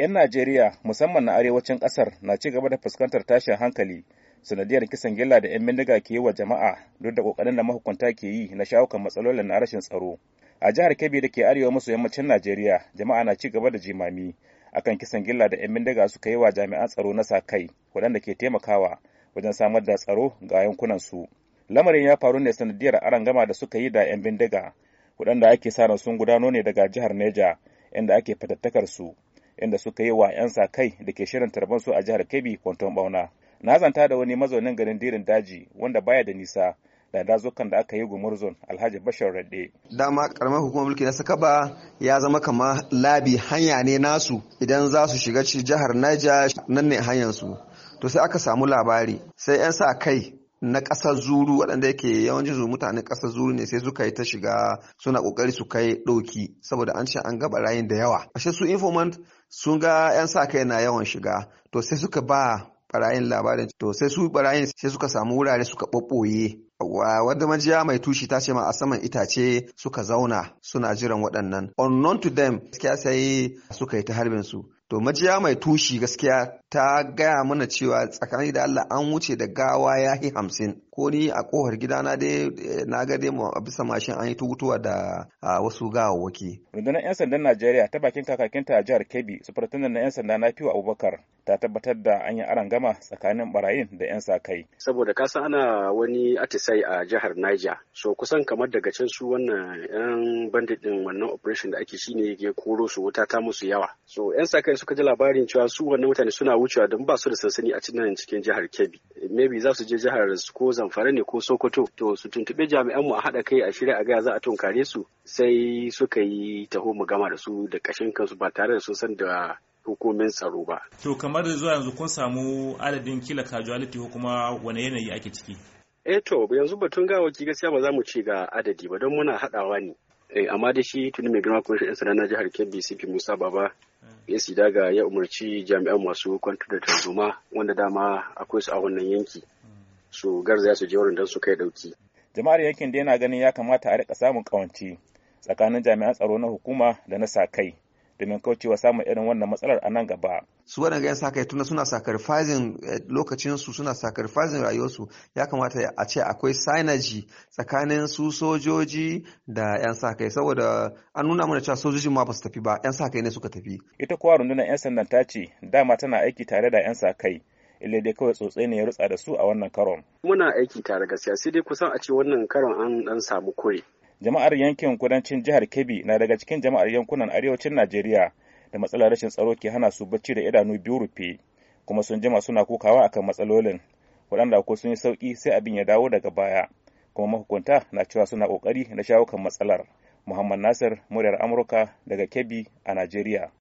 'yan Najeriya musamman na arewacin ƙasar na ci gaba da fuskantar tashin hankali sanadiyar kisan gilla da 'yan bindiga ke yi wa jama'a duk da ƙoƙarin da mahukunta ke yi na shawukan matsalolin na rashin tsaro. A jihar Kebbi da ke arewa maso yammacin Najeriya jama'a na ci gaba da jimami akan kisan gilla da 'yan bindiga suka yi wa jami'an tsaro na sa kai waɗanda ke taimakawa wajen samar da tsaro ga yankunan su. Lamarin ya faru ne sanadiyar arangama da suka yi da 'yan bindiga waɗanda ake sa ran sun gudano ne daga jihar Neja inda ake fatattakar su. inda suka yi wa 'yan sa kai da ke shirin tarban su a jihar Kebbi kwanton bauna. Na zanta da wani mazaunin garin dirin daji wanda baya da nisa da dazukan da aka yi gumurzon alhaji bashar radde dama karamar hukumar mulki na sakaba ya zama kama labi hanya ne nasu idan za su shiga jihar naija nan ne hanyar su to sai aka samu labari sai 'yan sa kai na ƙasar zuru waɗanda yake yawancin su mutanen ƙasar zuru ne sai suka yi ta shiga suna ƙoƙari su kai ɗauki saboda an ce an ga barayin da yawa ashe su informant sun ga 'yan sa kai na yawan shiga to sai suka ba barayin labarin to sai su barayin sai suka samu wurare suka ɓoɓɓoye wadda majiya mai tushi ta ce ma a saman itace suka zauna suna jiran waɗannan unknown to them gaskiya sai suka yi ta harbin su to majiya mai tushi gaskiya ta gaya mana cewa tsakani da Allah an wuce da gawa ya yi hamsin ko ni a kohar na dai eh, na ga dai a bisa mashin an yi tutuwa da wasu gawawwaki. rundunar 'yan sandan najeriya ta bakin kakakinta a jihar kebbi sufartunan na 'yan sanda na fiwa abubakar ta tabbatar da an yi aron gama tsakanin barayin da 'yan sa kai. Saboda kasa ana wani atisai a jihar Niger, so kusan kamar daga can su wannan 'yan bandit din wannan operation da ake shi ne ya koro su wuta ta musu yawa. So 'yan sa kai suka ji labarin cewa su wannan mutane suna wucewa don ba su da sansani a cikin cikin jihar Kebbi. Maybe za su je jihar ko Zamfara ne ko Sokoto to su tuntuɓe jami'anmu a haɗa kai a shirya a gaya za a tunkare su sai suka yi taho mu gama da su da ƙashin kansu ba tare da sun san da hukumin tsaro ba. To kamar da zuwa yanzu kun samu adadin kila casualty ko kuma wani yanayi ake ciki? Eh to yanzu batun gawaki gaskiya ba za mu ci ga adadi ba don muna haɗawa ne. Eh, amma da shi tuni mai girma kuma 'yan sanda na jihar Kebbi CP Musa Baba ya si ga ya umarci jami'an masu kwantar da tarzoma wanda dama akwai su a wannan yanki. Su ya su je wurin don su kai dauki. Jama'ar yankin da yana ganin ya kamata a rika samun ƙawance tsakanin jami'an tsaro na hukuma da na sa kai domin kaucewa samun irin wannan matsalar a nan gaba. su waɗanda yan sakai tunda suna sacrificing eh, su suna sacrificing rayuwarsu ya kamata a ce akwai synergy tsakanin su sojoji da yan sakai saboda an nuna mana cewa sojojin ma basu tafi ba yan sakai ne suka tafi. ita kuwa rundunar yan sandan ta ce dama tana aiki tare da yan sakai ille dai kawai tsotsai ne ya rutsa da su a wannan karon. muna aiki tare gaskiya sai dai kusan a ce wannan karon an dan samu kure jama'ar yankin kudancin jihar kebbi na daga cikin jama'ar yankunan arewacin najeriya da matsalar rashin tsaro ke hana su bacci da idanu biyu rufe kuma sun jima suna kokawa akan matsalolin waɗanda ko sun yi sauki sai abin ya dawo daga baya kuma mahukunta na cewa suna ƙoƙari na shawo kan matsalar muhammad nasir muryar amurka daga kebbi a najeriya